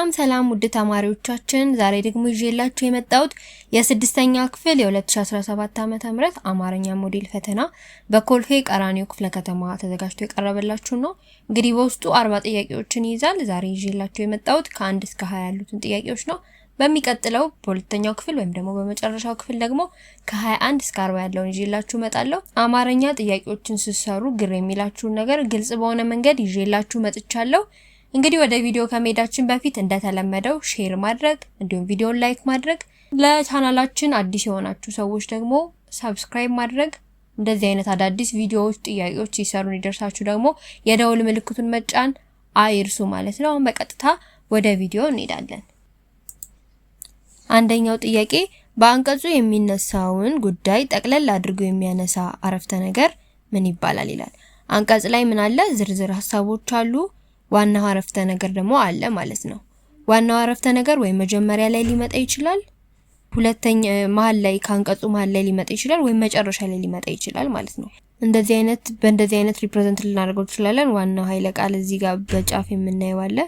ሰላም ሰላም ውድ ተማሪዎቻችን ዛሬ ደግሞ ይዤላችሁ የመጣሁት የስድስተኛ ክፍል የ2017 ዓመተ ምህረት አማርኛ ሞዴል ፈተና በኮልፌ ቀራኒዮ ክፍለ ከተማ ተዘጋጅቶ የቀረበላችሁ ነው። እንግዲህ በውስጡ አርባ ጥያቄዎችን ይይዛል። ዛሬ ይዤላችሁ የመጣሁት ከአንድ እስከ ሀያ ያሉትን ጥያቄዎች ነው። በሚቀጥለው በሁለተኛው ክፍል ወይም ደግሞ በመጨረሻው ክፍል ደግሞ ከ21 እስከ 40 ያለውን ይዤላችሁ እመጣለሁ። አማርኛ ጥያቄዎችን ስትሰሩ ግር የሚላችሁን ነገር ግልጽ በሆነ መንገድ ይዤላችሁ መጥቻለሁ። እንግዲህ ወደ ቪዲዮ ከመሄዳችን በፊት እንደተለመደው ሼር ማድረግ እንዲሁም ቪዲዮን ላይክ ማድረግ፣ ለቻናላችን አዲስ የሆናችሁ ሰዎች ደግሞ ሰብስክራይብ ማድረግ፣ እንደዚህ አይነት አዳዲስ ቪዲዮዎች፣ ጥያቄዎች ሲሰሩ እንዲደርሳችሁ ደግሞ የደውል ምልክቱን መጫን አይርሱ ማለት ነው። አሁን በቀጥታ ወደ ቪዲዮ እንሄዳለን። አንደኛው ጥያቄ በአንቀጹ የሚነሳውን ጉዳይ ጠቅለል አድርጎ የሚያነሳ አረፍተ ነገር ምን ይባላል ይላል። አንቀጽ ላይ ምን አለ? ዝርዝር ሀሳቦች አሉ። ዋናው አረፍተ ነገር ደግሞ አለ ማለት ነው። ዋናው አረፍተ ነገር ወይም መጀመሪያ ላይ ሊመጣ ይችላል፣ ሁለተኛ መሀል ላይ ከአንቀጹ መሀል ላይ ሊመጣ ይችላል፣ ወይም መጨረሻ ላይ ሊመጣ ይችላል ማለት ነው። እንደዚህ አይነት በእንደዚህ አይነት ሪፕሬዘንት ልናደርገው እንችላለን። ዋናው ኃይለ ቃል እዚህ ጋር በጫፍ የምናየው አለ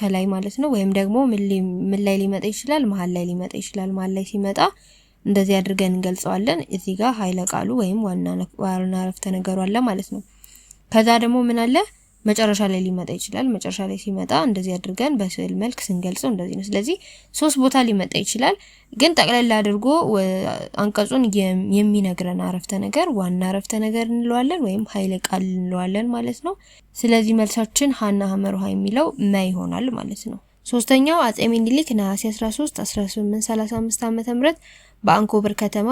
ከላይ ማለት ነው። ወይም ደግሞ ምን ላይ ሊመጣ ይችላል? መሀል ላይ ሊመጣ ይችላል። መሀል ላይ ሲመጣ እንደዚህ አድርገን እንገልጸዋለን። እዚህ ጋር ኃይለ ቃሉ ወይም ዋና አረፍተ ነገሩ አለ ማለት ነው። ከዛ ደግሞ ምን አለ መጨረሻ ላይ ሊመጣ ይችላል። መጨረሻ ላይ ሲመጣ እንደዚህ አድርገን በስዕል መልክ ስንገልጸው እንደዚህ ነው። ስለዚህ ሶስት ቦታ ሊመጣ ይችላል። ግን ጠቅላላ አድርጎ አንቀጹን የሚነግረን አረፍተ ነገር ዋና አረፍተ ነገር እንለዋለን ወይም ኃይለ ቃል እንለዋለን ማለት ነው። ስለዚህ መልሳችን ሀና ሀመር ውሃ የሚለው መ ይሆናል ማለት ነው። ሶስተኛው አጼ ሚኒሊክ ነሐሴ 13 1835 ዓመተ ምህረት በአንኮበር ከተማ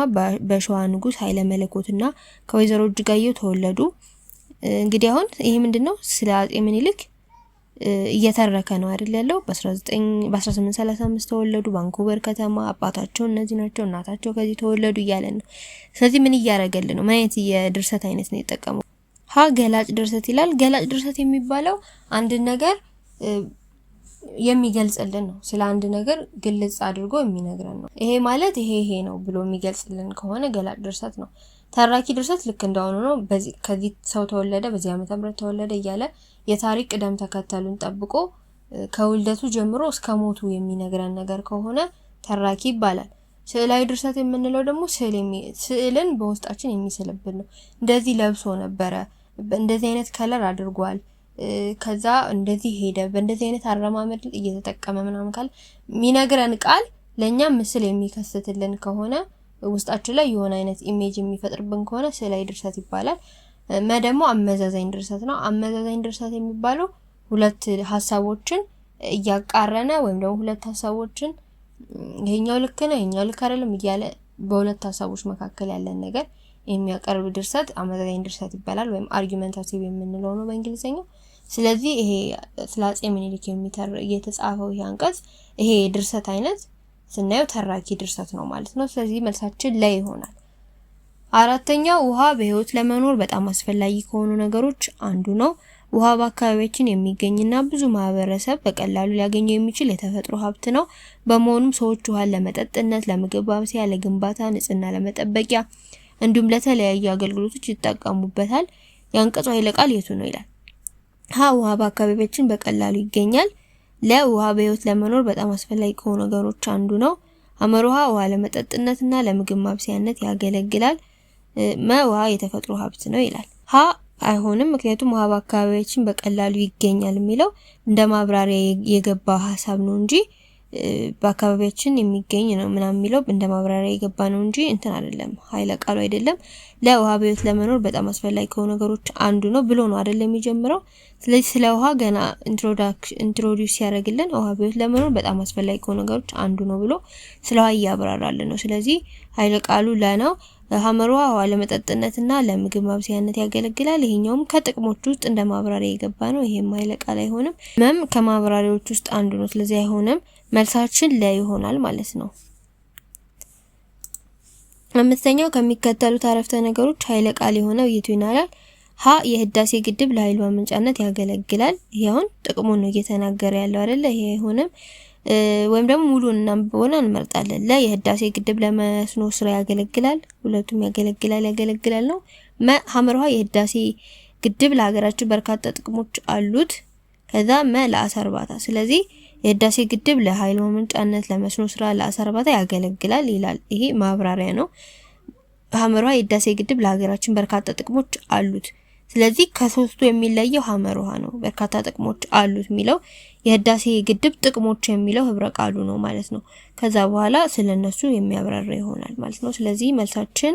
በሸዋ ንጉስ ኃይለ መለኮትና ከወይዘሮ እጅጋየው ተወለዱ። እንግዲህ አሁን ይሄ ምንድነው ስለ አጼ ምኒልክ እየተረከ ነው አይደል ያለው። በ1835 ተወለዱ ቫንኩቨር ከተማ። አባታቸው እነዚህ ናቸው፣ እናታቸው ከዚህ ተወለዱ እያለ ነው። ስለዚህ ምን እያረገልን ነው? ምን አይነት የድርሰት አይነት ነው የጠቀመው? ሀ ገላጭ ድርሰት ይላል። ገላጭ ድርሰት የሚባለው አንድን ነገር የሚገልጽልን ነው። ስለ አንድ ነገር ግልጽ አድርጎ የሚነግረን ነው። ይሄ ማለት ይሄ ይሄ ነው ብሎ የሚገልጽልን ከሆነ ገላጭ ድርሰት ነው። ተራኪ ድርሰት ልክ እንደሆኑ ነው። ከዚህ ሰው ተወለደ፣ በዚህ ዓመተ ምህረት ተወለደ እያለ የታሪክ ቅደም ተከተሉን ጠብቆ ከውልደቱ ጀምሮ እስከ ሞቱ የሚነግረን ነገር ከሆነ ተራኪ ይባላል። ስዕላዊ ድርሰት የምንለው ደግሞ ስዕልን በውስጣችን የሚስልብን ነው። እንደዚህ ለብሶ ነበረ፣ እንደዚህ አይነት ከለር አድርጓል፣ ከዛ እንደዚህ ሄደ፣ በእንደዚህ አይነት አረማመድ እየተጠቀመ ምናምን ካለ የሚነግረን ቃል ለእኛም ምስል የሚከስትልን ከሆነ ውስጣችን ላይ የሆነ አይነት ኢሜጅ የሚፈጥርብን ከሆነ ስዕላዊ ድርሰት ይባላል። መ ደግሞ አመዛዛኝ ድርሰት ነው። አመዛዛኝ ድርሰት የሚባለው ሁለት ሀሳቦችን እያቃረነ ወይም ደግሞ ሁለት ሀሳቦችን ይሄኛው ልክ ነው ይሄኛው ልክ አይደለም እያለ በሁለት ሀሳቦች መካከል ያለን ነገር የሚያቀርብ ድርሰት አመዛዛኝ ድርሰት ይባላል። ወይም አርጊመንታቲቭ የምንለው ነው በእንግሊዝኛው። ስለዚህ ይሄ ስለ አፄ ምኒልክ የተጻፈው ይሄ አንቀጽ ይሄ የድርሰት አይነት ስናየው ተራኪ ድርሰት ነው ማለት ነው። ስለዚህ መልሳችን ላይ ይሆናል። አራተኛው ውሃ በህይወት ለመኖር በጣም አስፈላጊ ከሆኑ ነገሮች አንዱ ነው። ውሃ በአካባቢያችን የሚገኝና ብዙ ማህበረሰብ በቀላሉ ሊያገኘው የሚችል የተፈጥሮ ሀብት ነው። በመሆኑም ሰዎች ውሃን ለመጠጥነት፣ ለምግብ ማብሰያ፣ ለግንባታ፣ ንጽህና ለመጠበቂያ እንዲሁም ለተለያዩ አገልግሎቶች ይጠቀሙበታል። ያንቀጹ ኃይለ ቃል የቱ ነው ይላል። ሀ ውሃ በአካባቢያችን በቀላሉ ይገኛል። ለውሃ በህይወት ለመኖር በጣም አስፈላጊ ከሆኑ ነገሮች አንዱ ነው። ሐመር ውሃ ውሃ ለመጠጥነትና ለምግብ ማብሰያነት ያገለግላል። መ ውሃ የተፈጥሮ ሀብት ነው ይላል። ሀ አይሆንም፣ ምክንያቱም ውሃ በአካባቢያችን በቀላሉ ይገኛል የሚለው እንደ ማብራሪያ የገባ ሀሳብ ነው እንጂ በአካባቢያችን የሚገኝ ነው ምናምን የሚለው እንደ ማብራሪያ የገባ ነው እንጂ እንትን አይደለም፣ ኃይለ ቃሉ አይደለም። ለውሃ በህይወት ለመኖር በጣም አስፈላጊ ከሆኑ ነገሮች አንዱ ነው ብሎ ነው አይደለም የሚጀምረው። ስለዚህ ስለ ውሃ ገና ኢንትሮዲውስ ያደርግልን ውሃ በህይወት ለመኖር በጣም አስፈላጊ ከሆኑ ነገሮች አንዱ ነው ብሎ ስለ ውሃ እያብራራልን ነው። ስለዚህ ኃይለ ቃሉ ለነው ሀመር ውሃ ውሃ ለመጠጥነትና ለምግብ ማብሰያነት ያገለግላል። ይሄኛውም ከጥቅሞች ውስጥ እንደ ማብራሪያ የገባ ነው። ይሄም ኃይለ ቃል አይሆንም። መም ከማብራሪያዎች ውስጥ አንዱ ነው። ስለዚህ አይሆንም። መልሳችን ለ ይሆናል ማለት ነው። አምስተኛው ከሚከተሉት አረፍተ ነገሮች ኃይለ ቃል የሆነው የቱ ይናላል? ሀ የህዳሴ ግድብ ለኃይል ማመንጫነት ያገለግላል። ይሄ አሁን ነው እየተናገረ ያለው አይደለ? ይሄ አይሆንም። ወይም ደግሞ ሙሉን እናንብበውን እንመርጣለን። ለ የህዳሴ ግድብ ለመስኖ ስራ ያገለግላል። ሁለቱም ያገለግላል ያገለግላል ነው። መ የህዳሴ ግድብ ለሀገራችን በርካታ ጥቅሞች አሉት። ከዛ መ ለአሳ እርባታ። ስለዚህ የህዳሴ ግድብ ለኃይል ማመንጫነት፣ ለመስኖ ስራ፣ ለአሳ እርባታ ያገለግላል ይላል። ይሄ ማብራሪያ ነው። ሀመር ውሃ የህዳሴ ግድብ ለሀገራችን በርካታ ጥቅሞች አሉት። ስለዚህ ከሶስቱ የሚለየው ሀመር ውሃ ነው። በርካታ ጥቅሞች አሉት የሚለው የህዳሴ ግድብ ጥቅሞች የሚለው ህብረ ቃሉ ነው ማለት ነው። ከዛ በኋላ ስለነሱ የሚያብራራ ይሆናል ማለት ነው። ስለዚህ መልሳችን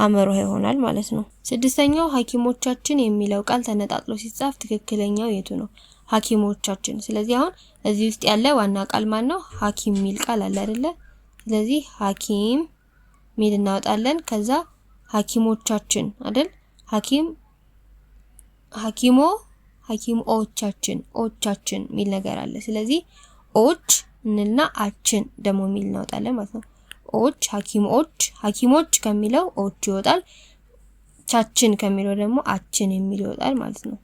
ሀመሮሃ ይሆናል ማለት ነው። ስድስተኛው ሐኪሞቻችን የሚለው ቃል ተነጣጥሎ ሲጻፍ ትክክለኛው የቱ ነው? ሐኪሞቻችን። ስለዚህ አሁን እዚህ ውስጥ ያለ ዋና ቃል ማን ነው? ሐኪም ሚል ቃል አለ አይደለ? ስለዚህ ሐኪም ሚል እናወጣለን። ከዛ ሐኪሞቻችን አይደል? ሐኪም ሐኪሞ ሐኪም ኦቻችን ኦቻችን ሚል ነገር አለ። ስለዚህ ኦች እንልና አችን ደግሞ ሚል እናወጣለን ማለት ነው። ኦች ሐኪሞች ሐኪሞች ከሚለው ኦች ይወጣል። ቻችን ከሚለው ደግሞ አችን የሚል ይወጣል ማለት ነው።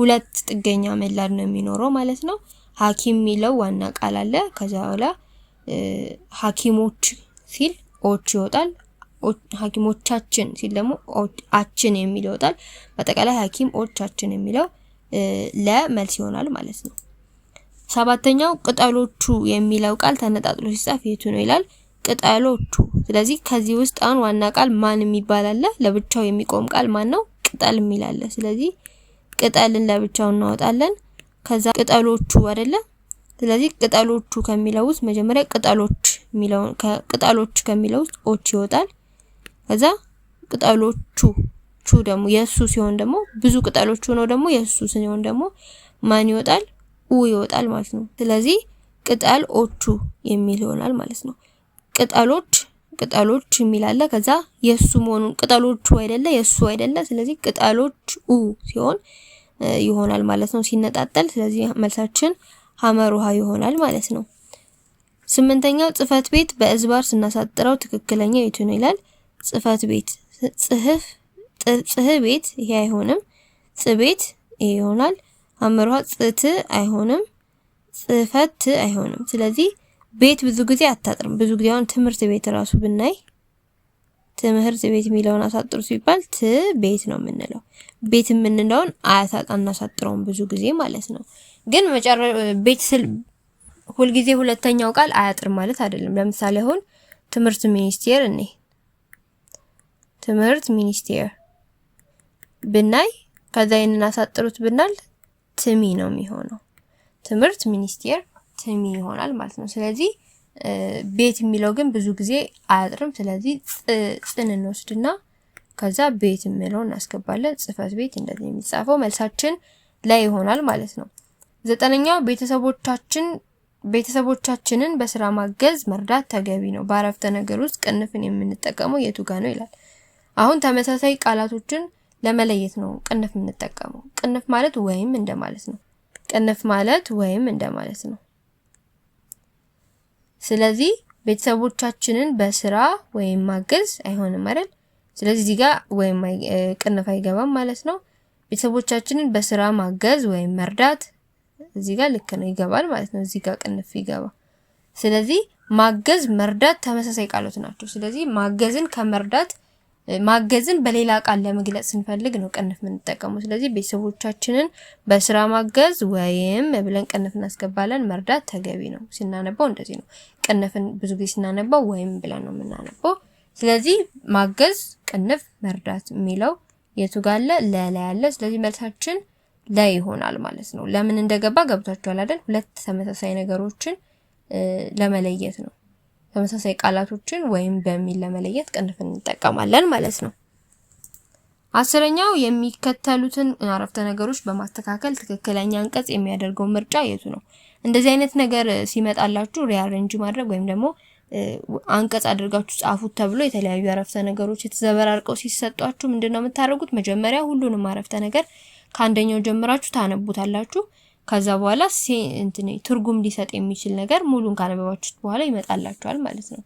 ሁለት ጥገኛ መላድ ነው የሚኖረው ማለት ነው። ሐኪም የሚለው ዋና ቃል አለ። ከዛ በኋላ ሐኪሞች ሲል ኦች ይወጣል። ሐኪሞቻችን ሲል ደግሞ አችን የሚል ይወጣል። በአጠቃላይ ሐኪም ኦቻችን የሚለው ለመልስ ይሆናል ማለት ነው። ሰባተኛው ቅጠሎቹ የሚለው ቃል ተነጣጥሎ ሲጻፍ የቱ ነው ይላል። ቅጠሎቹ። ስለዚህ ከዚህ ውስጥ አሁን ዋና ቃል ማን የሚባል አለ። ለብቻው የሚቆም ቃል ማን ነው? ቅጠል የሚል አለ። ስለዚህ ቅጠልን ለብቻው እናወጣለን። ከዛ ቅጠሎቹ አይደለ? ስለዚህ ቅጠሎቹ ከሚለው ውስጥ መጀመሪያ ቅጠሎች የሚለው ከቅጠሎች ከሚለው ውስጥ ኦች ይወጣል። ከዛ ቅጠሎቹ ቹ ደግሞ የሱ ሲሆን ደግሞ ብዙ ቅጠሎቹ ነው ደግሞ የሱ ሲሆን ደግሞ ማን ይወጣል? ኡ ይወጣል ማለት ነው። ስለዚህ ኦቹ የሚል ይሆናል ማለት ነው። ቅጠሎች ቅጠሎች የሚል አለ። ከዛ የሱ መሆኑን ቅጠሎቹ አይደለ የሱ አይደለ። ስለዚህ ቅጠሎች ኡ ሲሆን ይሆናል ማለት ነው ሲነጣጠል። ስለዚህ መልሳችን ሐመር ውሃ ይሆናል ማለት ነው። ስምንተኛው ጽህፈት ቤት በእዝባር ስናሳጥረው ትክክለኛ የቱ ነው ይላል። ጽህፈት ቤት ጽህፍ ጽህ ቤት ይሄ አይሆንም። ጽ ቤት ይሄ ይሆናል። አምሯ ጽት አይሆንም፣ ጽፈት አይሆንም። ስለዚህ ቤት ብዙ ጊዜ አታጥርም። ብዙ ጊዜ አሁን ትምህርት ቤት ራሱ ብናይ ትምህርት ቤት የሚለውን አሳጥሩ ሲባል ት ቤት ነው የምንለው። ቤት የምንለውን አያሳጣ እናሳጥረውን ብዙ ጊዜ ማለት ነው። ግን ቤት ስል ሁልጊዜ ሁለተኛው ቃል አያጥር ማለት አይደለም። ለምሳሌ አሁን ትምህርት ሚኒስቴር እኔ ትምህርት ሚኒስቴር ብናይ ከዛ ይህንን አሳጥሩት ብናል ትሚ ነው የሚሆነው። ትምህርት ሚኒስቴር ትሚ ይሆናል ማለት ነው። ስለዚህ ቤት የሚለው ግን ብዙ ጊዜ አያጥርም። ስለዚህ ጽን እንወስድና ከዛ ቤት የሚለው እናስገባለን። ጽህፈት ቤት እንደዚህ የሚጻፈው መልሳችን ላይ ይሆናል ማለት ነው። ዘጠነኛው ቤተሰቦቻችን ቤተሰቦቻችንን በስራ ማገዝ መርዳት ተገቢ ነው። በአረፍተ ነገር ውስጥ ቅንፍን የምንጠቀመው የቱ ጋ ነው ይላል። አሁን ተመሳሳይ ቃላቶችን ለመለየት ነው ቅንፍ የምንጠቀመው። ቅንፍ ማለት ወይም እንደማለት ነው። ቅንፍ ማለት ወይም እንደማለት ነው። ስለዚህ ቤተሰቦቻችንን በስራ ወይም ማገዝ አይሆንም አይደል? ስለዚህ እዚህ ጋር ወይም ቅንፍ አይገባም ማለት ነው። ቤተሰቦቻችንን በስራ ማገዝ ወይም መርዳት እዚህ ጋር ልክ ነው ይገባል ማለት ነው። እዚህ ጋር ቅንፍ ይገባ። ስለዚህ ማገዝ፣ መርዳት ተመሳሳይ ቃሎት ናቸው። ስለዚህ ማገዝን ከመርዳት ማገዝን በሌላ ቃል ለመግለጽ ስንፈልግ ነው ቅንፍ የምንጠቀመው። ስለዚህ ቤተሰቦቻችንን በስራ ማገዝ ወይም ብለን ቅንፍ እናስገባለን። መርዳት ተገቢ ነው። ሲናነባው እንደዚህ ነው። ቅንፍን ብዙ ጊዜ ሲናነባው ወይም ብለን ነው የምናነባው። ስለዚህ ማገዝ፣ ቅንፍ፣ መርዳት የሚለው የቱ ጋለ ለላ ያለ። ስለዚህ መልሳችን ላይ ይሆናል ማለት ነው። ለምን እንደገባ ገብቷችኋል አይደል? ሁለት ተመሳሳይ ነገሮችን ለመለየት ነው። ተመሳሳይ ቃላቶችን ወይም በሚል ለመለየት ቅንፍ እንጠቀማለን ማለት ነው። አስረኛው የሚከተሉትን አረፍተ ነገሮች በማስተካከል ትክክለኛ አንቀጽ የሚያደርገው ምርጫ የቱ ነው? እንደዚህ አይነት ነገር ሲመጣላችሁ ሪአረንጅ ማድረግ ወይም ደግሞ አንቀጽ አድርጋችሁ ጻፉት ተብሎ የተለያዩ አረፍተ ነገሮች የተዘበራርቀው ሲሰጧችሁ ምንድነው የምታደርጉት? መጀመሪያ ሁሉንም አረፍተ ነገር ከአንደኛው ጀምራችሁ ታነቡታላችሁ። ከዛ በኋላ እንትን ትርጉም ሊሰጥ የሚችል ነገር ሙሉን ካነበባችሁት በኋላ ይመጣላችኋል ማለት ነው።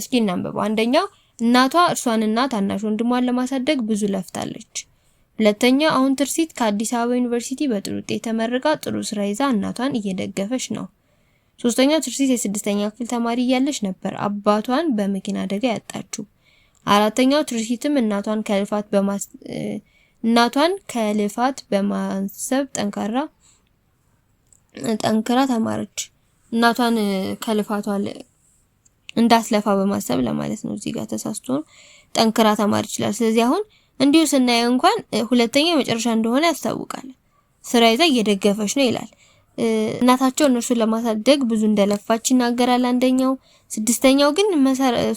እስኪ እናንበበው። አንደኛው እናቷ እርሷንና ታናሽ ወንድሟን ለማሳደግ ብዙ ለፍታለች። ሁለተኛ አሁን ትርሲት ከአዲስ አበባ ዩኒቨርሲቲ በጥሩ ውጤት ተመርቃ ጥሩ ስራ ይዛ እናቷን እየደገፈች ነው። ሶስተኛው ትርሲት የስድስተኛ ክፍል ተማሪ እያለች ነበር አባቷን በመኪና አደጋ ያጣችው። አራተኛው ትርሲትም እናቷን ከልፋት በማስ እናቷን ከልፋት በማሰብ ጠንካራ ጠንክራ ተማረች። እናቷን ከልፋቷ እንዳትለፋ በማሰብ ለማለት ነው። እዚህ ጋር ተሳስቶ ጠንክራ ተማር ይችላል። ስለዚህ አሁን እንዲሁ ስናየው እንኳን ሁለተኛ መጨረሻ እንደሆነ ያስታውቃል። ስራ ይዛ እየደገፈች ነው ይላል። እናታቸው እነርሱን ለማሳደግ ብዙ እንደለፋች ይናገራል። አንደኛው ስድስተኛው ግን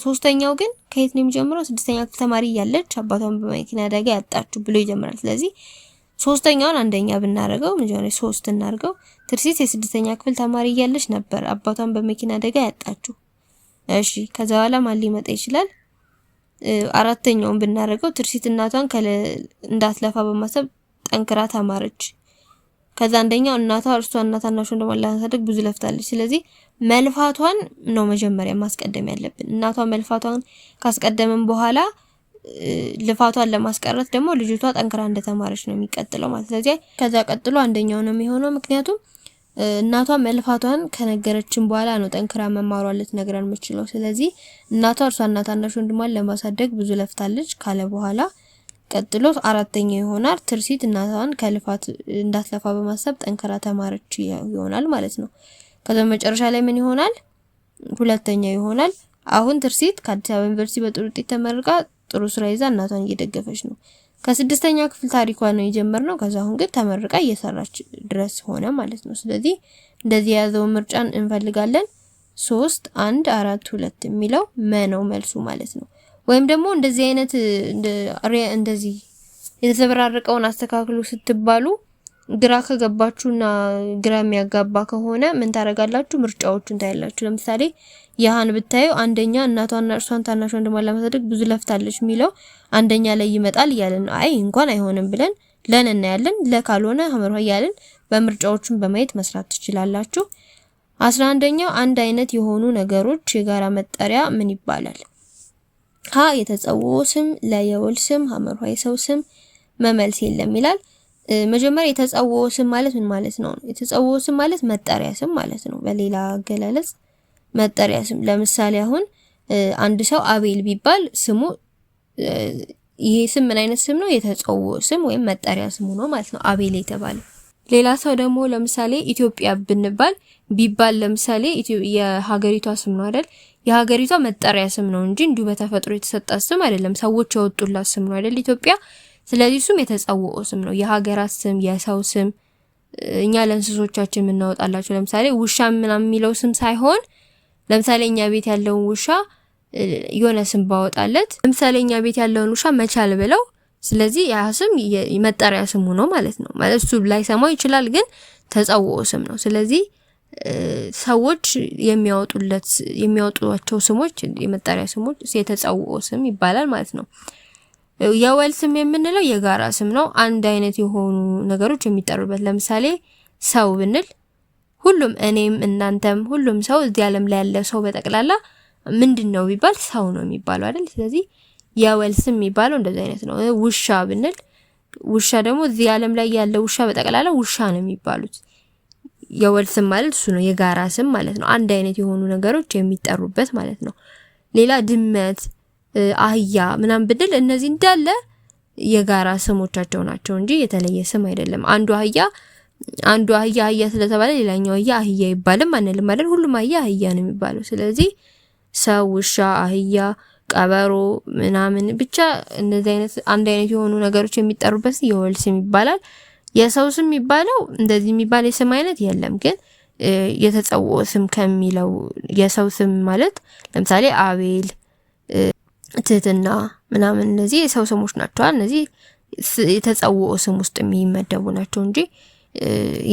ሶስተኛው ግን ከየት ነው የሚጀምረው? ስድስተኛ ክፍል ተማሪ እያለች አባቷን በመኪና አደጋ ያጣችሁ ብሎ ይጀምራል። ስለዚህ ሶስተኛውን አንደኛ ብናደርገው ሶስት እናድርገው ትርሲት የስድስተኛ ክፍል ተማሪ እያለች ነበር አባቷን በመኪና አደጋ ያጣችው። እሺ ከዛ በኋላ ማን ሊመጣ ይችላል? አራተኛውን ብናደርገው ትርሲት እናቷን እንዳትለፋ በማሰብ ጠንክራ ተማረች። ከዛ አንደኛው እናቷ እርሷ እና ታናሽ ወንድሟ ለማሳደግ ብዙ ለፍታለች። ስለዚህ መልፋቷን ነው መጀመሪያ ማስቀደም ያለብን። እናቷ መልፋቷን ካስቀደምን በኋላ ልፋቷን ለማስቀረት ደግሞ ልጅቷ ጠንክራ እንደተማረች ነው የሚቀጥለው ማለት። ስለዚህ ከዛ ቀጥሎ አንደኛው ነው የሚሆነው ምክንያቱም እናቷ መልፋቷን ከነገረችን በኋላ ነው ጠንክራ መማሯን ልትነግረን የምችለው። ስለዚህ እናቷ እርሷና ታናሽ ወንድሟን ለማሳደግ ብዙ ለፍታለች ካለ በኋላ ቀጥሎ አራተኛ ይሆናል። ትርሲት እናቷን ከልፋት እንዳትለፋ በማሰብ ጠንክራ ተማረች ይሆናል ማለት ነው። ከዛ መጨረሻ ላይ ምን ይሆናል? ሁለተኛ ይሆናል። አሁን ትርሲት ከአዲስ አበባ ዩኒቨርሲቲ በጥሩ ውጤት ተመርቃ ጥሩ ስራ ይዛ እናቷን እየደገፈች ነው። ከስድስተኛ ክፍል ታሪኳ ነው የጀመርነው። ከዛ አሁን ግን ተመርቃ እየሰራች ድረስ ሆነ ማለት ነው። ስለዚህ እንደዚህ የያዘውን ምርጫን እንፈልጋለን። ሶስት አንድ አራት ሁለት የሚለው መ ነው መልሱ ማለት ነው። ወይም ደግሞ እንደዚህ አይነት እንደዚህ የተዘበራረቀውን አስተካክሉ ስትባሉ ግራ ከገባችሁና ግራ የሚያጋባ ከሆነ ምን ታደርጋላችሁ? ምርጫዎቹን ታያላችሁ። ለምሳሌ ያህን ብታዩ አንደኛ እናቷና እርሷን ታናሽ ወንድሟን ለማሳደግ ብዙ ለፍታለች የሚለው አንደኛ ላይ ይመጣል እያለን አይ እንኳን አይሆንም ብለን ለን እናያለን። ለካልሆነ ሀመር እያለን በምርጫዎቹን በማየት መስራት ትችላላችሁ። አስራ አንደኛው አንድ አይነት የሆኑ ነገሮች የጋራ መጠሪያ ምን ይባላል? ሀ የተጸውዖ ስም፣ ለ ስም፣ ሀመር የሰው ስም መመልስ የለም ይላል። መጀመሪያ የተጸውዖ ስም ማለት ምን ማለት ነው? የተጸውዖ ስም ማለት መጠሪያ ስም ማለት ነው። በሌላ አገላለጽ መጠሪያ ስም። ለምሳሌ አሁን አንድ ሰው አቤል ቢባል ስሙ ይሄ ስም ምን አይነት ስም ነው? የተጸውዖ ስም ወይም መጠሪያ ስሙ ነው ማለት ነው አቤል የተባለው። ሌላ ሰው ደግሞ ለምሳሌ ኢትዮጵያ ብንባል ቢባል ለምሳሌ የሀገሪቷ ስም ነው አይደል? የሀገሪቷ መጠሪያ ስም ነው እንጂ እንዲሁ በተፈጥሮ የተሰጣት ስም አይደለም። ሰዎች ያወጡላት ስም ነው አይደል? ኢትዮጵያ ስለዚህ እሱም የተጸውኦ ስም ነው። የሀገራት ስም፣ የሰው ስም እኛ ለእንስሶቻችን የምናወጣላቸው ለምሳሌ ውሻ ምናምን የሚለው ስም ሳይሆን ለምሳሌ እኛ ቤት ያለውን ውሻ የሆነ ስም ባወጣለት ለምሳሌ እኛ ቤት ያለውን ውሻ መቻል ብለው ስለዚህ ያ ስም መጠሪያ ስሙ ነው ማለት ነው። ማለት እሱ ላይሰማው ይችላል፣ ግን ተጸውኦ ስም ነው። ስለዚህ ሰዎች የሚያወጡለት የሚያወጧቸው ስሞች የመጠሪያ ስሞች የተጸውኦ ስም ይባላል ማለት ነው። የወል ስም የምንለው የጋራ ስም ነው። አንድ አይነት የሆኑ ነገሮች የሚጠሩበት ለምሳሌ ሰው ብንል ሁሉም እኔም፣ እናንተም፣ ሁሉም ሰው እዚህ ዓለም ላይ ያለ ሰው በጠቅላላ ምንድን ነው ቢባል ሰው ነው የሚባለው አይደል? ስለዚህ የወል ስም የሚባለው እንደዚህ አይነት ነው። ውሻ ብንል ውሻ ደግሞ እዚህ ዓለም ላይ ያለ ውሻ በጠቅላላ ውሻ ነው የሚባሉት። የወል ስም ማለት እሱ ነው፣ የጋራ ስም ማለት ነው። አንድ አይነት የሆኑ ነገሮች የሚጠሩበት ማለት ነው። ሌላ ድመት አህያ ምናምን ብንል እነዚህ እንዳለ የጋራ ስሞቻቸው ናቸው እንጂ የተለየ ስም አይደለም። አንዱ አህያ አንዱ አህያ አህያ ስለተባለ ሌላኛው አህያ አህያ ይባልም አንልም ማለት ሁሉም አህያ አህያ ነው የሚባለው። ስለዚህ ሰው፣ ውሻ፣ አህያ፣ ቀበሮ ምናምን ብቻ እንደዚህ አይነት አንድ አይነት የሆኑ ነገሮች የሚጠሩበት የወል ስም ይባላል። የሰው ስም የሚባለው እንደዚህ የሚባል የስም አይነት የለም ግን የተጸውዖ ስም ከሚለው የሰው ስም ማለት ለምሳሌ አቤል ትህትና ምናምን እነዚህ የሰው ስሞች ናቸዋል። እነዚህ የተጸውኦ ስም ውስጥ የሚመደቡ ናቸው እንጂ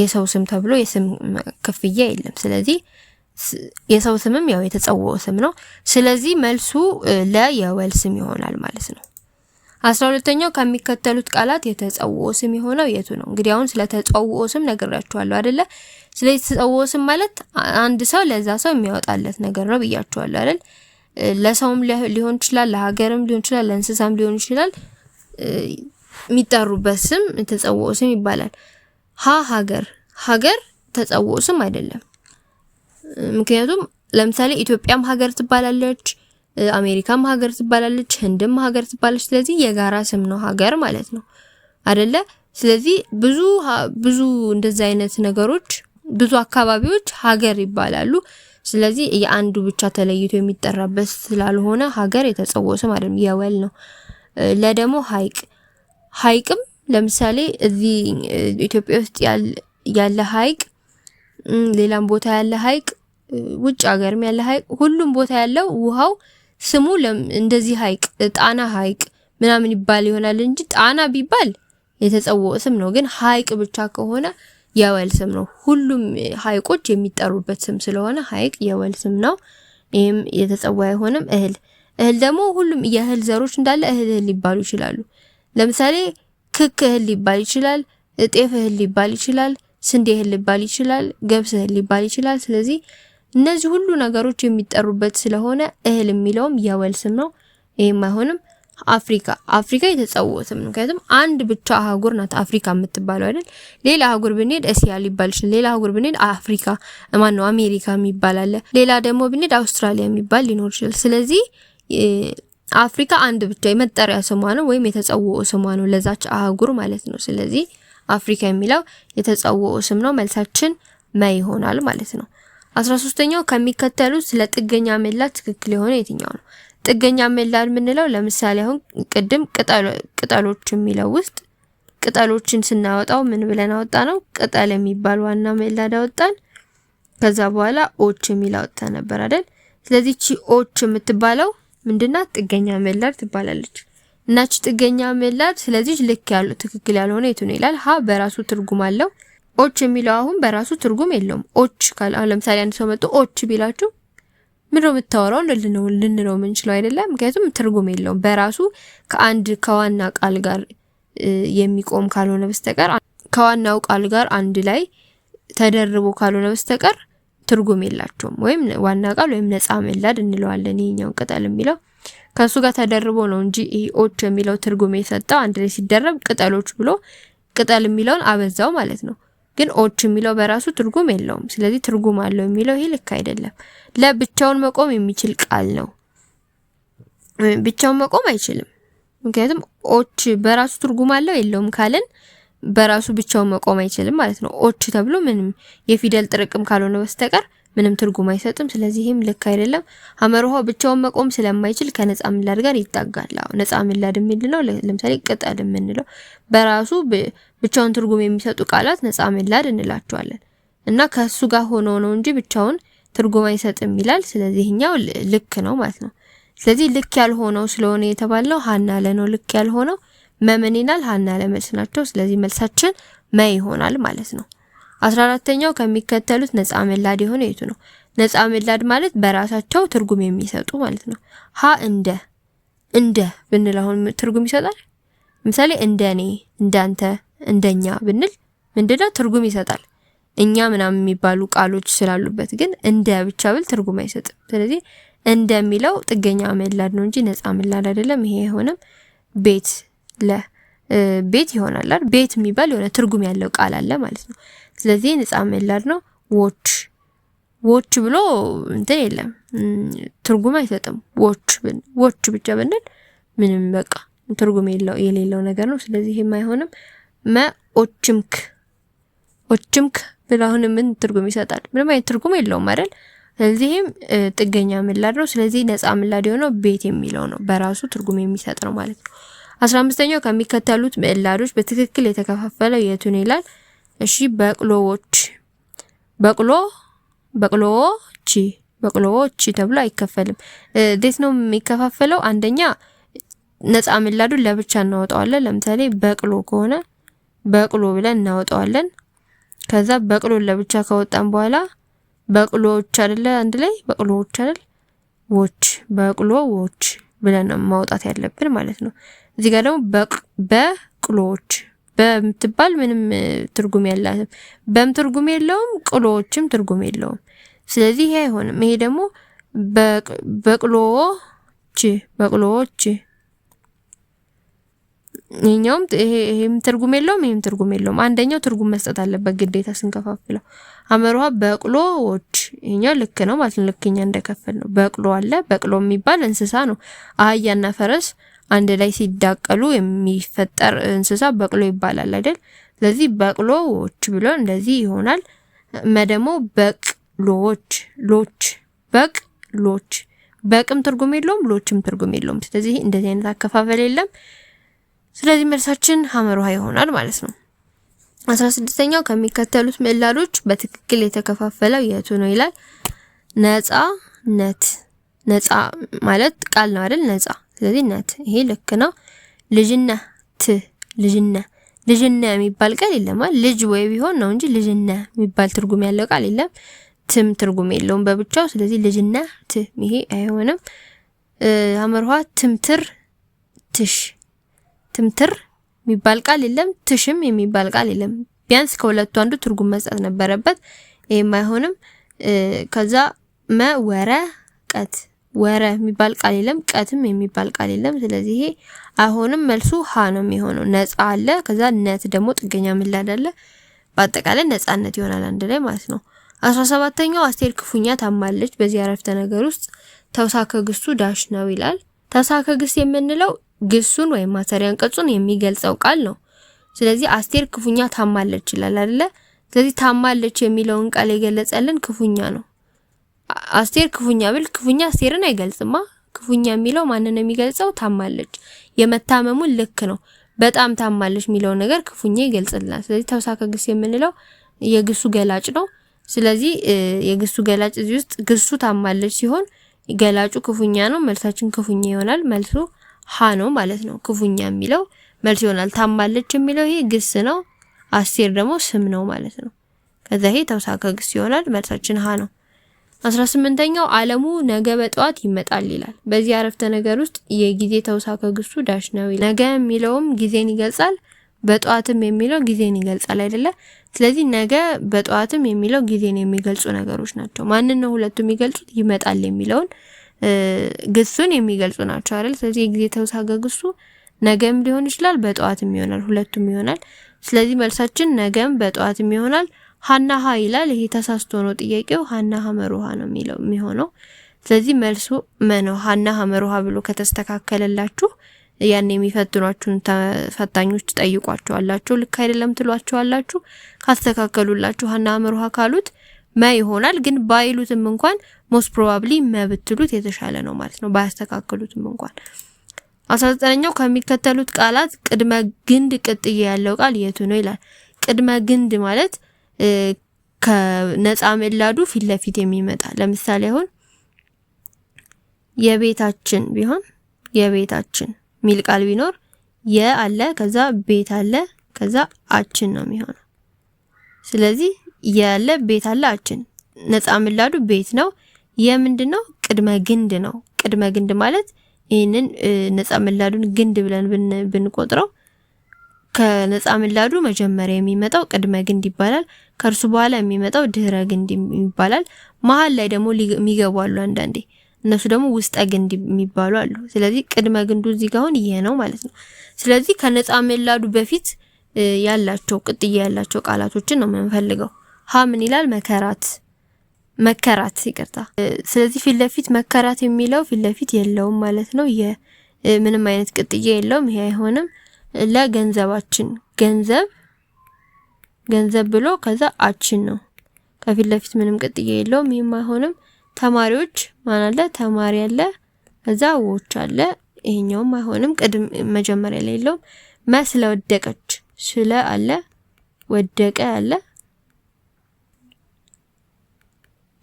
የሰው ስም ተብሎ የስም ክፍያ የለም። ስለዚህ የሰው ስምም ያው የተጸውኦ ስም ነው። ስለዚህ መልሱ ለየወል ስም ይሆናል ማለት ነው። አስራ ሁለተኛው ከሚከተሉት ቃላት የተጸውኦ ስም የሆነው የቱ ነው? እንግዲህ አሁን ስለ ተጸውኦ ስም ነግራችኋለሁ አይደለ? ስለዚህ የተጸውኦ ስም ማለት አንድ ሰው ለዛ ሰው የሚያወጣለት ነገር ነው ብያችኋለሁ አይደል? ለሰውም ሊሆን ይችላል፣ ለሀገርም ሊሆን ይችላል፣ ለእንስሳም ሊሆን ይችላል። የሚጠሩበት ስም ተጸውዖ ስም ይባላል። ሀ ሀገር ሀገር ተጸውዖ ስም አይደለም። ምክንያቱም ለምሳሌ ኢትዮጵያም ሀገር ትባላለች፣ አሜሪካም ሀገር ትባላለች፣ ህንድም ሀገር ትባላለች። ስለዚህ የጋራ ስም ነው ሀገር ማለት ነው አደለ? ስለዚህ ብዙ ብዙ እንደዚህ አይነት ነገሮች ብዙ አካባቢዎች ሀገር ይባላሉ። ስለዚህ የአንዱ ብቻ ተለይቶ የሚጠራበት ስላልሆነ ሀገር የተጸወሰ ማለት የወል ነው። ለደሞ ሀይቅ ሀይቅም ለምሳሌ እዚህ ኢትዮጵያ ውስጥ ያለ ሀይቅ፣ ሌላም ቦታ ያለ ሀይቅ፣ ውጭ ሀገርም ያለ ሀይቅ፣ ሁሉም ቦታ ያለው ውሃው ስሙ እንደዚህ ሀይቅ ጣና ሀይቅ ምናምን ይባል ይሆናል እንጂ ጣና ቢባል የተጸወ ስም ነው። ግን ሀይቅ ብቻ ከሆነ የወል ስም ነው። ሁሉም ሐይቆች የሚጠሩበት ስም ስለሆነ ሐይቅ የወል ስም ነው። ይህም የተጸዋ አይሆንም። እህል እህል ደግሞ ሁሉም የእህል ዘሮች እንዳለ እህል እህል ሊባሉ ይችላሉ። ለምሳሌ ክክ እህል ሊባል ይችላል። ጤፍ እህል ሊባል ይችላል። ስንዴ እህል ሊባል ይችላል። ገብስ እህል ሊባል ይችላል። ስለዚህ እነዚህ ሁሉ ነገሮች የሚጠሩበት ስለሆነ እህል የሚለውም የወል ስም ነው። ይህም አይሆንም። አፍሪካ አፍሪካ የተጸወትም ምክንያቱም አንድ ብቻ አህጉር ናት አፍሪካ የምትባለው አይደል። ሌላ አህጉር ብንሄድ እስያ ሊባል ይችላል። ሌላ አህጉር ብንሄድ አፍሪካ ማን ነው አሜሪካ የሚባል አለ። ሌላ ደግሞ ብንሄድ አውስትራሊያ የሚባል ሊኖር ይችላል። ስለዚህ አፍሪካ አንድ ብቻ የመጠሪያ ስሟ ነው ወይም የተጸውኦ ስሟ ነው ለዛች አህጉር ማለት ነው። ስለዚህ አፍሪካ የሚለው የተጸውኦ ስም ነው። መልሳችን መ ይሆናል ማለት ነው። አስራ ሶስተኛው ከሚከተሉት ስለ መላ ትክክል የሆነ የትኛው ነው? ጥገኛ ምላድ የምንለው ለምሳሌ አሁን ቅድም ቅጠሎች የሚለው ውስጥ ቅጠሎችን ስናወጣው ምን ብለን አወጣ ነው? ቅጠል የሚባል ዋና ምላድ አወጣን። ከዛ በኋላ ኦች የሚል አወጣ ነበር አይደል? ስለዚህ ቺ ኦች የምትባለው ምንድናት? ጥገኛ ምላድ ትባላለች። እናች ጥገኛ ምላድ ስለዚህ ልክ ያሉ ትክክል ያልሆነ የቱ ነው ይላል። ሀ በራሱ ትርጉም አለው። ኦች የሚለው አሁን በራሱ ትርጉም የለውም። ኦች ካለ አሁን ለምሳሌ አንድ ሰው መጥቶ ኦች ቢላችሁ ምንድነው የምታወራው ልንለው የምንችለው አይደለም። ምክንያቱም ትርጉም የለውም በራሱ ከአንድ ከዋና ቃል ጋር የሚቆም ካልሆነ በስተቀር ከዋናው ቃል ጋር አንድ ላይ ተደርቦ ካልሆነ በስተቀር ትርጉም የላቸውም። ወይም ዋና ቃል ወይም ነፃ ምላድ እንለዋለን። ይሄኛውን ቅጠል የሚለው ከእሱ ጋር ተደርቦ ነው እንጂ ይሄ ኦች የሚለው ትርጉም የሰጠው አንድ ላይ ሲደረብ ቅጠሎች ብሎ ቅጠል የሚለውን አበዛው ማለት ነው። ግን ኦች የሚለው በራሱ ትርጉም የለውም። ስለዚህ ትርጉም አለው የሚለው ይሄ ልክ አይደለም። ለብቻውን መቆም የሚችል ቃል ነው። ብቻውን መቆም አይችልም። ምክንያቱም ኦች በራሱ ትርጉም አለው የለውም ካልን በራሱ ብቻውን መቆም አይችልም ማለት ነው። ኦች ተብሎ ምንም የፊደል ጥርቅም ካልሆነ በስተቀር ምንም ትርጉም አይሰጥም። ስለዚህ ይህም ልክ አይደለም። ሀመርሆ ብቻውን መቆም ስለማይችል ከነጻ ምላድ ጋር ይጣጋል። ነጻ ምላድ የምንለው ለምሳሌ ቅጠል የምንለው በራሱ ብቻውን ትርጉም የሚሰጡ ቃላት ነፃ ምላድ እንላቸዋለን። እና ከሱ ጋር ሆኖ ነው እንጂ ብቻውን ትርጉም አይሰጥም ይላል። ስለዚህ እኛው ልክ ነው ማለት ነው። ስለዚህ ልክ ያልሆነው ስለሆነ የተባለው ሀና ነው። ልክ ያልሆነው መምን ይላል ሀና ለመልስ ናቸው። ስለዚህ መልሳችን መ ይሆናል ማለት ነው። አስራ አራተኛው ከሚከተሉት ነፃ ምላድ የሆነ የቱ ነው? ነፃ ምላድ ማለት በራሳቸው ትርጉም የሚሰጡ ማለት ነው። ሀ እንደ እንደ ብንል አሁን ትርጉም ይሰጣል። ምሳሌ እንደ እኔ፣ እንዳንተ እንደኛ ብንል ምንድነው ትርጉም ይሰጣል። እኛ ምናምን የሚባሉ ቃሎች ስላሉበት ግን እንደ ብቻ ብል ትርጉም አይሰጥም። ስለዚህ እንደሚለው ጥገኛ መላድ ነው እንጂ ነፃ መላድ አይደለም። ይሄ የሆነም ቤት ለ ቤት ይሆናል አይደል? ቤት የሚባል የሆነ ትርጉም ያለው ቃል አለ ማለት ነው። ስለዚህ ነፃ መላድ ነው። ዎች ዎች ብሎ እንትን የለም ትርጉም አይሰጥም። ዎች ዎች ብቻ ብንል ምንም በቃ ትርጉም የሌለው ነገር ነው። ስለዚህ ይሄም አይሆንም። መ ኦችምክ ኦችምክ ብላ አሁን ምን ትርጉም ይሰጣል? ምንም አይነት ትርጉም የለውም አይደል? ስለዚህም ጥገኛ ምላድ ነው። ስለዚህ ነፃ ምላድ የሆነው ቤት የሚለው ነው። በራሱ ትርጉም የሚሰጥ ነው ማለት ነው። አስራ አምስተኛው ከሚከተሉት ምዕላዶች በትክክል የተከፋፈለው የቱን ይላል? እሺ በቅሎዎች በቅሎ በቅሎዎች በቅሎዎች ተብሎ አይከፈልም። እንዴት ነው የሚከፋፈለው? አንደኛ ነፃ ምላዱን ለብቻ እናወጣዋለን። ለምሳሌ በቅሎ ከሆነ በቅሎ ብለን እናወጣዋለን። ከዛ በቅሎን ለብቻ ካወጣን በኋላ በቅሎዎች አይደለ አንድ ላይ በቅሎዎች አይደል ዎች በቅሎዎች ብለን ማውጣት ያለብን ማለት ነው። እዚህ ጋር ደግሞ በቅሎዎች በምትባል ምንም ትርጉም የላትም። በም ትርጉም የለውም፣ ቅሎዎችም ትርጉም የለውም። ስለዚህ ይሄ አይሆንም። ይሄ ደግሞ በቅሎዎች በቅሎዎች ይሄኛውም ይሄም ትርጉም የለውም፣ ይሄም ትርጉም የለውም። አንደኛው ትርጉም መስጠት አለበት ግዴታ ስንከፋፍለው። አመርሃ በቅሎዎች ይሄኛው ልክ ነው ማለት ነው። ልክኛ እንደከፈል ነው። በቅሎ አለ። በቅሎ የሚባል እንስሳ ነው። አህያና ፈረስ አንድ ላይ ሲዳቀሉ የሚፈጠር እንስሳ በቅሎ ይባላል አይደል? ስለዚህ በቅሎዎች ብሎ እንደዚህ ይሆናል። መደሞ በቅሎች ሎች በቅሎች በቅም ትርጉም የለውም፣ ሎችም ትርጉም የለውም። ስለዚህ እንደዚህ አይነት አከፋፈል የለም። ስለዚህ መልሳችን ሀመር ውሃ ይሆናል ማለት ነው። አስራ ስድስተኛው ከሚከተሉት ምዕላዶች በትክክል የተከፋፈለው የቱ ነው ይላል። ነት ነጻ ማለት ቃል ነው አይደል? ነጻ ስለዚህ ነት ይሄ ልክ ነው። ት ልጅነ ልጅነ የሚባል ቃል የለም። ልጅ ወይ ቢሆን ነው እንጂ ልጅነ የሚባል ትርጉም ያለው ቃል የለም። ትም ትርጉም የለውም በብቻው። ስለዚህ ት ይሄ አይሆንም። አመርኋ ትምትር ትሽ ትምትር የሚባል ቃል የለም፣ ትሽም የሚባል ቃል የለም። ቢያንስ ከሁለቱ አንዱ ትርጉም መስጠት ነበረበት። ይህም አይሆንም። ከዛ ወረ ቀት ወረ የሚባል ቃል የለም፣ ቀትም የሚባል ቃል የለም። ስለዚህ ይሄ አይሆንም። መልሱ ሀ ነው የሚሆነው። ነፃ አለ፣ ከዛ ነት ደግሞ ጥገኛ ምላድ አለ። በአጠቃላይ ነፃነት ይሆናል አንድ ላይ ማለት ነው። አስራ ሰባተኛው አስቴር ክፉኛ ታማለች። በዚህ አረፍተ ነገር ውስጥ ተውሳከ ግሱ ዳሽ ነው ይላል። ተውሳከ ግስ የምንለው ግሱን ወይም ማሰሪ አንቀጹን የሚገልጸው ቃል ነው። ስለዚህ አስቴር ክፉኛ ታማለች ይላል አይደለ? ስለዚህ ታማለች የሚለውን ቃል የገለጸልን ክፉኛ ነው። አስቴር ክፉኛ ብል ክፉኛ አስቴርን አይገልጽማ። ክፉኛ የሚለው ማንን የሚገልጸው? ታማለች። የመታመሙን ልክ ነው። በጣም ታማለች የሚለው ነገር ክፉኛ ይገልጽልናል። ስለዚህ ተውሳከ ግስ የምንለው የግሱ ገላጭ ነው። ስለዚህ የግሱ ገላጭ እዚህ ውስጥ ግሱ ታማለች ሲሆን ገላጩ ክፉኛ ነው። መልሳችን ክፉኛ ይሆናል መልሱ ሀ ነው ማለት ነው። ክፉኛ የሚለው መልስ ይሆናል። ታማለች የሚለው ይሄ ግስ ነው። አስቴር ደግሞ ስም ነው ማለት ነው። ከዛ ይሄ ተውሳከ ግስ ይሆናል። መልሳችን ሀ ነው። አስራ ስምንተኛው አለሙ ነገ በጠዋት ይመጣል ይላል። በዚህ አረፍተ ነገር ውስጥ የጊዜ ተውሳከ ግሱ ዳሽ ነው። ነገ የሚለውም ጊዜን ይገልጻል፣ በጠዋትም የሚለው ጊዜን ይገልጻል አይደለ? ስለዚህ ነገ በጠዋትም የሚለው ጊዜን የሚገልጹ ነገሮች ናቸው። ማንን ነው ሁለቱ የሚገልጹት? ይመጣል የሚለውን ግሱን የሚገልጹ ናቸው አይደል? ስለዚህ የጊዜ ተውሳከ ግሱ ነገም ሊሆን ይችላል፣ በጠዋትም ይሆናል፣ ሁለቱም ይሆናል። ስለዚህ መልሳችን ነገም በጠዋትም ይሆናል። ሀና ሀ ይላል። ይሄ ተሳስቶ ነው ጥያቄው። ሀና ሀ መሩሃ ነው የሚለው የሚሆነው። ስለዚህ መልሱ መነው ሀና ሀ መሩሃ ብሎ ከተስተካከለላችሁ ያን የሚፈትኗችሁን ተፈታኞች ጠይቋቸዋላችሁ። ልክ አይደለም ትሏቸዋላችሁ። ካስተካከሉላችሁ ሀና ሀ መሩሃ ካሉት መ ይሆናል። ግን ባይሉትም እንኳን ሞስት ፕሮባብሊ መብትሉት የተሻለ ነው ማለት ነው፣ ባያስተካክሉትም እንኳን። ዘጠነኛው ከሚከተሉት ቃላት ቅድመ ግንድ ቅጥዬ ያለው ቃል የቱ ነው ይላል። ቅድመ ግንድ ማለት ከነፃ ምላዱ ፊት ለፊት የሚመጣ ለምሳሌ አሁን የቤታችን ቢሆን የቤታችን ሚል ቃል ቢኖር የ አለ ከዛ ቤት አለ ከዛ አችን ነው የሚሆነው። ስለዚህ የለ ቤት አለ አችን ነፃ ምላዱ ቤት ነው። የምንድን ነው? ቅድመ ግንድ ነው። ቅድመ ግንድ ማለት ይህንን ነፃ ምላዱን ግንድ ብለን ብንቆጥረው ከነፃ ምላዱ መጀመሪያ የሚመጣው ቅድመ ግንድ ይባላል። ከእርሱ በኋላ የሚመጣው ድህረ ግንድ ይባላል። መሀል ላይ ደግሞ የሚገቡ አሉ አንዳንዴ እነሱ ደግሞ ውስጠ ግንድ የሚባሉ አሉ። ስለዚህ ቅድመ ግንዱ እዚህ ጋር አሁን ይሄ ነው ማለት ነው። ስለዚህ ከነፃ ምላዱ በፊት ያላቸው ቅጥያ ያላቸው ቃላቶችን ነው የምንፈልገው። ሀ ምን ይላል? መከራት መከራት ይቅርታ። ስለዚህ ፊት ለፊት መከራት የሚለው ፊት ለፊት የለውም ማለት ነው። ምንም አይነት ቅጥያ የለውም። ይሄ አይሆንም። ለገንዘባችን ገንዘብ ገንዘብ ብሎ ከዛ አችን ነው ከፊት ለፊት ምንም ቅጥያ የለውም። ይህም አይሆንም። ተማሪዎች ማን አለ? ተማሪ አለ። ከዛ ዎች አለ። ይሄኛውም አይሆንም። ቅድም መጀመሪያ ላይ የለውም። መስለ ወደቀች ስለ አለ ወደቀ አለ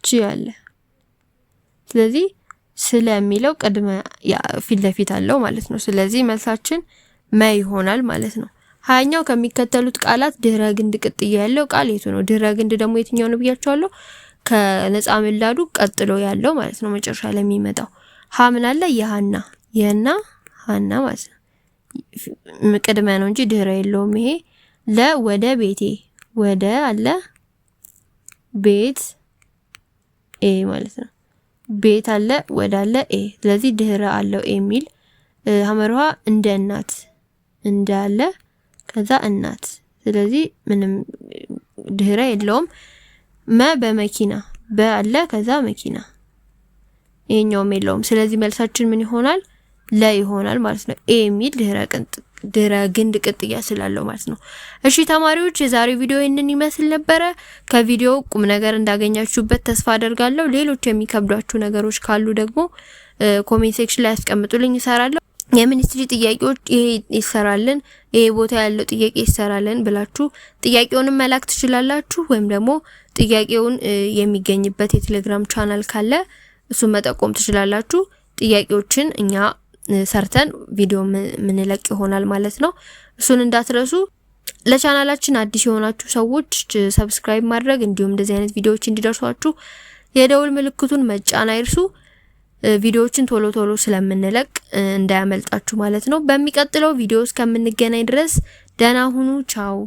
ጂ አለ። ስለዚህ ስለ የሚለው ቅድመ ያ ፊት ለፊት አለው ማለት ነው። ስለዚህ መልሳችን መ ይሆናል ማለት ነው። ሀያኛው ከሚከተሉት ቃላት ድህረ ግንድ ቅጥያ ያለው ቃል የቱ ነው? ድህረ ግንድ ደግሞ የትኛው ነው ብያቸዋለሁ። ከነጻ ምላዱ ቀጥሎ ያለው ማለት ነው። መጨረሻ ላይ የሚመጣው ሀ ምን አለ? የሀና የና ሀና ማለት ነው። ቅድመ ነው እንጂ ድህረ የለውም። ይሄ ለ ወደ ቤቴ ወደ አለ ቤት ኤ ማለት ነው። ቤት አለ ወደ አለ ኤ። ስለዚህ ድህረ አለው ኤ የሚል ሀመርሃ እንደ እናት እንዳለ ከዛ እናት። ስለዚህ ምንም ድህረ የለውም። መ በመኪና በአለ ከዛ መኪና ይሄኛውም የለውም። ስለዚህ መልሳችን ምን ይሆናል? ለ ይሆናል ማለት ነው። ኤ የሚል ድህረ ቅንጥ ድረ ግንድ ቅጥያ ስላለው ማለት ነው። እሺ ተማሪዎች የዛሬው ቪዲዮ ይህንን ይመስል ነበረ። ከቪዲዮው ቁም ነገር እንዳገኛችሁበት ተስፋ አደርጋለሁ። ሌሎች የሚከብዷችሁ ነገሮች ካሉ ደግሞ ኮሜንት ሴክሽን ላይ ያስቀምጡልኝ፣ ይሰራለሁ። የሚኒስትሪ ጥያቄዎች ይሄ ይሰራልን፣ ይሄ ቦታ ያለው ጥያቄ ይሰራልን ብላችሁ ጥያቄውንም መላክ ትችላላችሁ። ወይም ደግሞ ጥያቄውን የሚገኝበት የቴሌግራም ቻናል ካለ እሱን መጠቆም ትችላላችሁ። ጥያቄዎችን እኛ ሰርተን ቪዲዮ ምንለቅ ይሆናል ማለት ነው። እሱን እንዳትረሱ። ለቻናላችን አዲስ የሆናችሁ ሰዎች ሰብስክራይብ ማድረግ እንዲሁም እንደዚህ አይነት ቪዲዮዎች እንዲደርሷችሁ የደውል ምልክቱን መጫን አይርሱ። ቪዲዮዎችን ቶሎ ቶሎ ስለምንለቅ እንዳያመልጣችሁ ማለት ነው። በሚቀጥለው ቪዲዮ እስከምንገናኝ ድረስ ደህና ሁኑ። ቻው